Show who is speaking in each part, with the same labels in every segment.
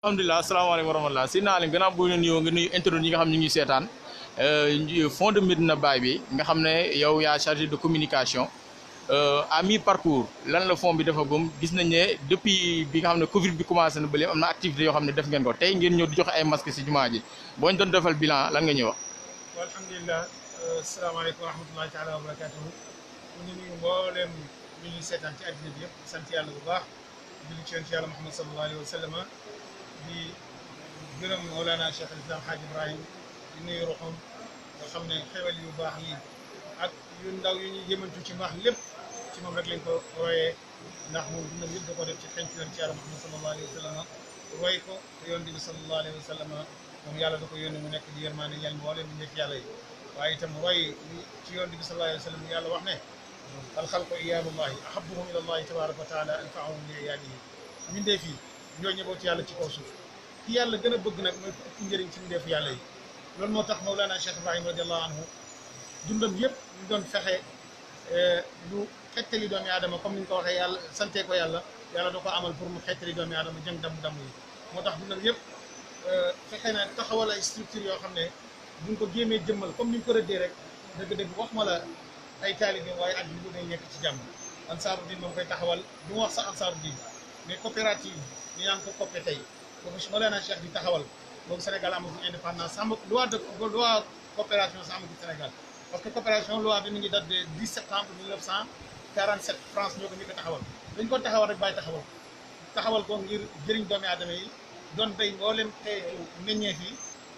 Speaker 1: alhamdulilah asalaamaaleykum wa rahmatulah si naa leen gannaaw bu ñu nuyoo nga nuyu internet yi nga xam ñu ngi seetaan euh, fond de Médina Baye bi nga xam ne yow yaa chargé de communication à euh, mi parcours lan la fond bi dafa gum gis nañ ne depuis bi nga xam ne Covid bi commencé na ba léegi am na activité yoo xam ne def ngeen ko tey ngeen ñëw di joxe ay masques si jumaa ji boo ñu doon defal bilan lan nga euh, ñuy wa rahmatulah di gërëm Mawlana Cheikh al Islam Hadj Ibrahim di nuyu roxam nga xam ne xewal yu baax yi ak yu ndaw yu ñuy yëmantu ci mbaax lépp ci moom rek lañ ko royee ndax moom dundam yëpp da ko def ci xenc yoon ci yàlla Muhammad sallallahu alayhi wa sallam roy ko te yoon bi sallallahu alayhi wa sallam moom yàlla da ko yónni mu nekk di yërmaane ñeel mboolem bi nekk yàlla yi waaye itam roy ci yoon bi sallallahu alayhi wa sallam yàlla wax ne alxalqu iyaalullahi ahabbuhum ilallahi tabaraka wa taala anfaahum li iyaalihi min dee fii ñoo ñëbooti yàlla ci kaw suuf ki yàlla gën a bëgg nag mooy ku ëpp njëriñ ci ndeefu yàlla yi loolu moo tax Mawlana Cheikh Ibrahim radiallahu anhu dundam yëpp ñu doon fexe eh, lu xettali doomi aadama comme ni ñu ko waxee yàlla sante ko yàlla yàlla da ko amal pour mu xettali doomi aadama jëm damm-damm yi moo tax dundam yëpp eh, fexe na taxawal ay structure yoo xam ne buñ ko gémmee jëmmal comme nu ñu ko rëddee rek dëgg-dëgg wax ma la ay taalibe waaye ak bi bu day nekk ci jàmm ansaaru diin moom koy taxawal du ma ñu naan ko coppe tey boobu Mawlana Cheikh bi taxawal boobu Sénégal amaguñ indépendance parce que coopération loi bi mi ngi date de 10 septembre 1947 France ñoo ko ñu ko taxawal ko taxawal rek bàyyi taxawal taxawal ko ngir jëriñ doomi aadama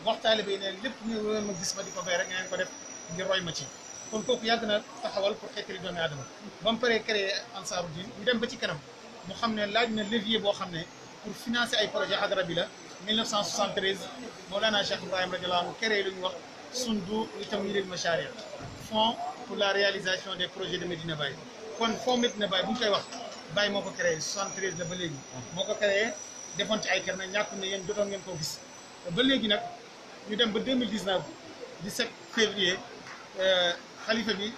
Speaker 1: wax taalibe yi lépp ñu ma gis ma di ko béy rek ngeen ko def ngir roy ma ci kon kooku yàgg na taxawal pour xeetali doomi aadama ba mu paree créé Ansaaru Diin dem ba ci kanam mu xam ne laaj na levier boo xam ne pour financer ay projet xadara bi la 1973 Mawlana Cheikh Ibrahim radiallahu anhu créé lu ñu wax sundu li tamwiril mashaari fonds pour la réalisation des projets de Medina Baye kon fonds Medina Baye bu ñu koy wax Baye moo ko créé 73 la ba léegi moo ko créé defoon ci ay kër nag ñàkkul ne yéen jotoon ngeen koo gis ba léegi nag ñu dem ba de 17 février euh, xalifa bi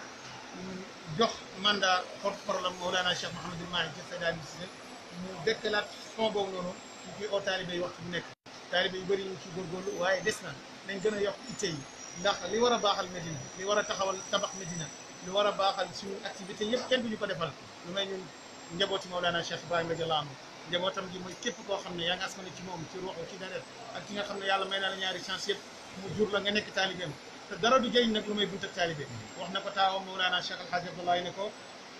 Speaker 1: jox mandat porte-parole Mawlana Cheikh Mouhamadul Mahi Seydi Aliou mu dëkkalaat fond boobu noonu ñu koy oo taalibe yi waxtu nekk taalibe yu bëri ñu ci góorgóorlu waaye des na nañ gën a yokk itte ndax li war a baaxal Medina li war a taxawal tabax Medina li war a baaxal suñu activité yëpp kenn duñu ko defal lu may ñun njabooti Mawlana Cheikh Ibrahima radiyallahu anhu njabootam gi mooy képp koo xam ne yaa ngi askan ci moom ci ruux ak ki nga xam ne yàlla may na ñaari chance yëpp mu jur la nga nekk taalibeem te dara du jëriñ nag lu may buntak taalibe wax na ko taawam Mawlana Cheikh Alhaji Abdoulaye ne ko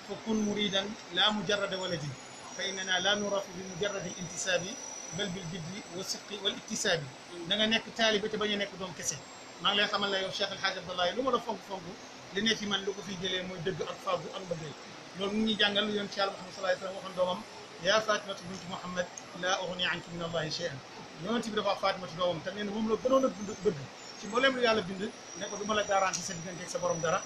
Speaker 1: fa kun muridan la wala ji fa innana la nurafu bi mujarradi intisaabi bal bil biddi wa sidqi wal iktisaabi da mm. nga nekk taalibe te bañ a nekk doom kese maa ngi lay xamal la yow Cheikh El Hadj Abdoulaye lu ma la fonk-fonk li ne ci man lu ko fiy jëlee mooy dëgg ak faagu ak mbëggeel loolu mu ngi jàngal yoon ci yàlla Muhammad sallallahu alayhi wa sallam waxoon doomam yaa Fatimatu bintu Muhammad laa ughni anki min allahi shay'an yonent bi dafa wax Fatimatu doomam te nee na moom la gënoon a bëgg ci mbooleem lu yàlla bind ne ko du ma la garanti sa diggante ak sa borom dara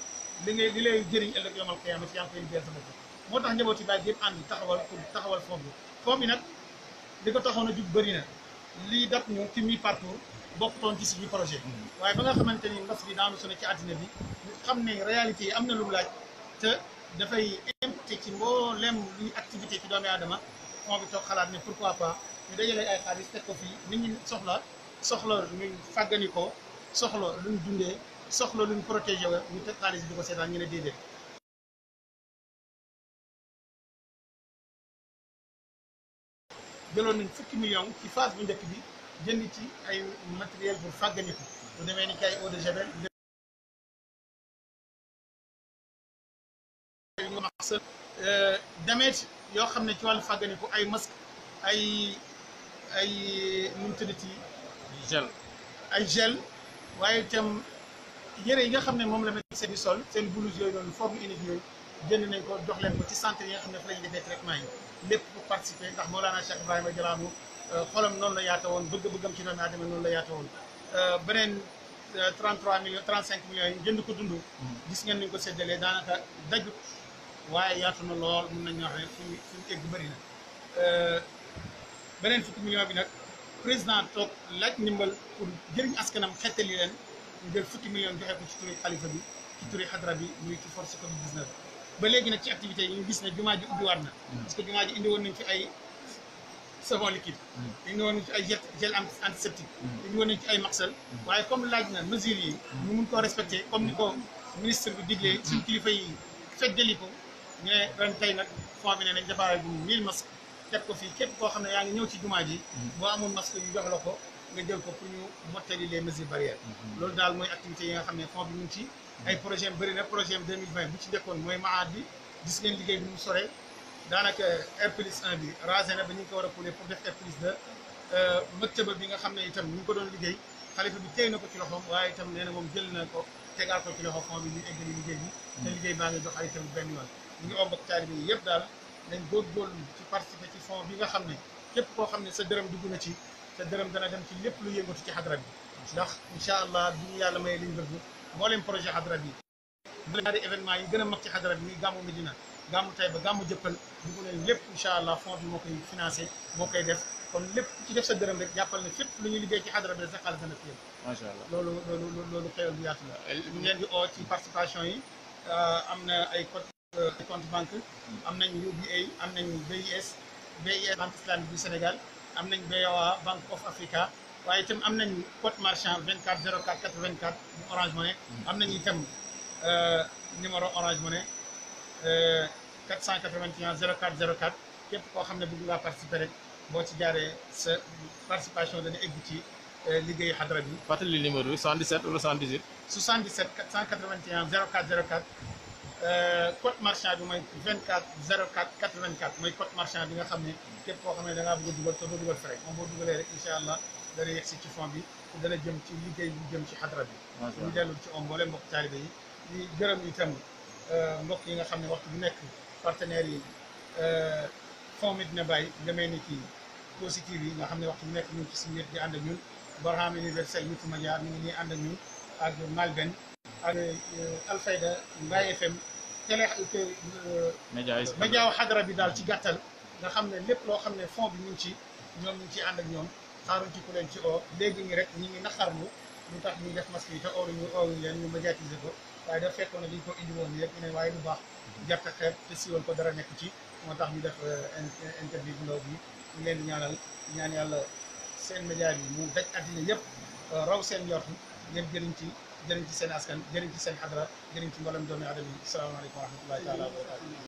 Speaker 1: li ngay li lay jëriñ ëllëg yomal qiyaama ci yaa ngi koy liggéeyal sa bopp moo tax njabooti Baay yëpp ànd taxawal pour taxawal fond bi fond bi nag li ko taxoon a jug bëri na lii dat ñu ci mi parcours bokkutoon ci suñu projet waaye ba nga xamante ni mbas bi daanu sone ci àddina bi xam ne réalité yi am na lu mu laaj te dafay impacté ci mboolem luy activité ci doomi aadama moom bi toog xalaat ne pourquoi pas ñu dajale ay xaalis te ko fii nit ñi soxla soxla luñ fàggani ko soxla luñ dundee soxla luñ protégé wa ñu teg xaalis bi ko seetaan ñu ne déedéet jëloon nañ fukki million ci phase bu njëkk bi jënd ci ay matériel pour fàggani ko bu demee ni kay eau de javel demeet euh, yoo xam ne ci wàllu fàgganiku ay masque ay ay nu mu tuddati gel ay gel waaye itam yére yi nga xam ne moom la médecin di sol seen blouse yooyu noonu forme unique yooyu jënd nañ ko jox leen ko ci centre yi nga xam ne fa la ñu defee traitement yi lépp pour participer ndax Mawlana Cheikh Jalaanu euh, xolam noonu la yaata woon bëgg-bëggam ci doomu aadama noonu la yaata woon euh, beneen euh, trent millions 35 millions yi jënd ko dund gis ngeen niñ ko séddalee daanaka dajut waaye yaatu na lool mun nañu wax ne fi mu fi mu egg beneen fukki million bi nag président toog laaj ndimbal pour jëriñ askanam xettali leen ñu jël fukki million joxe ko ci turi xalifa bi ci bi muy ci force covid 19 ba léegi nag ci activité yi ñu gis ne jumaa ji ubbiwaat na parce que jumaa ji indi woon nañ ci ay savon liquide indi woon nañ ci ay gel antiseptique indi woon nañ ci ay maxal waaye comme laaj na mesures yi ñu mun koo respecté comme ni ko ministre bu diglee suñ kilifa yi feddali ko ñu ne ren tey nag fond bi ne nañ defaare bu mille masques ko fii képp koo xam ne yaa ngi ñëw ci jumaa ji boo amul masque ñu jox la ko nga jël ko pour ñu mottali les mesures barrières loolu daal mooy activité yi nga xam ne fond bi mu ngi ci ay projet bëri na projet 2020 bu ci nekkoon mooy maad bi gis ngeen liggéey bi mu sore daanaka R plus 1 bi rasé na ba ñu ngi ko war a pouler pour def R plus euh, bi nga xam ne itam ñu ngi ko doon liggéey xalifa bi téye na ko ci loxoom waaye tam nee na moom jël na ko tegaal ko ci loxo fond bi ñu eggali liggéey bi te liggéey baa ngi dox ay itam benn yoon ñu ngi omb ak taalibe yi yëpp daal nañ góorgóorlu ci participer ci fond bi nga xam ne képp koo xam ne sa dërëm dugg na ci te dërëm dana dem ci lépp lu yëngatu ci xadra bi ndax incha allah bu ñu yàlla may liñ bëgg mbooleem projet xadra bi ñaari événement yi gën a mag ci xadra bi muy gàmmu Medina gàmmu Tayba gàmmu jëppal bu ko leen lépp incha allah fond bi moo koy financé moo koy def kon lépp ci def sa dërëm rek jàppal ne fépp lu ñuy liggéey ci xadra bi sa xaalis dana fi yem macha allah loolu loolu loolu xewal bu yaatu la euh, ñu leen di oo ci participation yi euh, am na ay compte euh, banque am nañ UBA am nañ BIS BIS banque islamique du Sénégal am nañ BOA Bank of Africa waaye itam am nañ code marchand 24 04 84 mu Orange Money am nañ tam euh, numéro Orange Money 481 04 04 képp koo xam ne bo ngaa participer rek boo ci jaaree sa participation dana egg ci euh, liggéeyu xadra bi. fàttali numéro bi 77 wala 78. 77 481 04 Euh, code marchand bi mooy 24 04 84 mooy code marchand bi nga xam ne képp koo xam ne da ngaa bëgg a dugal te doo dugal frais moom boo dugalee rek incha allah dana yegg si ci fond bi dana jëm ci liggéey bi jëm ci xadra bi. macha ñu dellu ci om boole mbokk taalibe yi di gërëm itam euh, mbokk yi nga xam ne waxtu bu nekk partenaires yi euh, fond Medina Baye demee ni kii Kossy TV yi nga xam ne waxtu bu nekk ñu ngi ci suñu wet di ànd ak ñun Barham Universel Multimédia mi ngi nii ànd ak ñun ak Malben. ak euh, Alfayda Mbaye FM télé euh, médiaw xadra bi daal ci gàttal nga xam ne lépp loo xam ne fond bi ñu ci ñoom ñu ci ànd ak ñoom xaaruñ ci ku leen ci oo léegi ñi rek ñi ngi naqarlu lu tax ñuy def masque yi te ooruñu ooruñu leen ñu médiatiser ko waaye daf fekkoon ne liñ ko indi woon yëpp ne waaye lu baax jarte xeet te siiwal ko dara nekk ci moo tax mu def euh, interview bi ñu leen ñaanal ñaan yàlla seen média yi mu daj àddina yëpp raw seen yortu ngeen jëriñ ci jëriñ ci seen askan jëriñ ci seen xadra jëriñ ci mboolem doomi aadama yi salaamaaleykum wa rahmatullahi taala wa barakaatu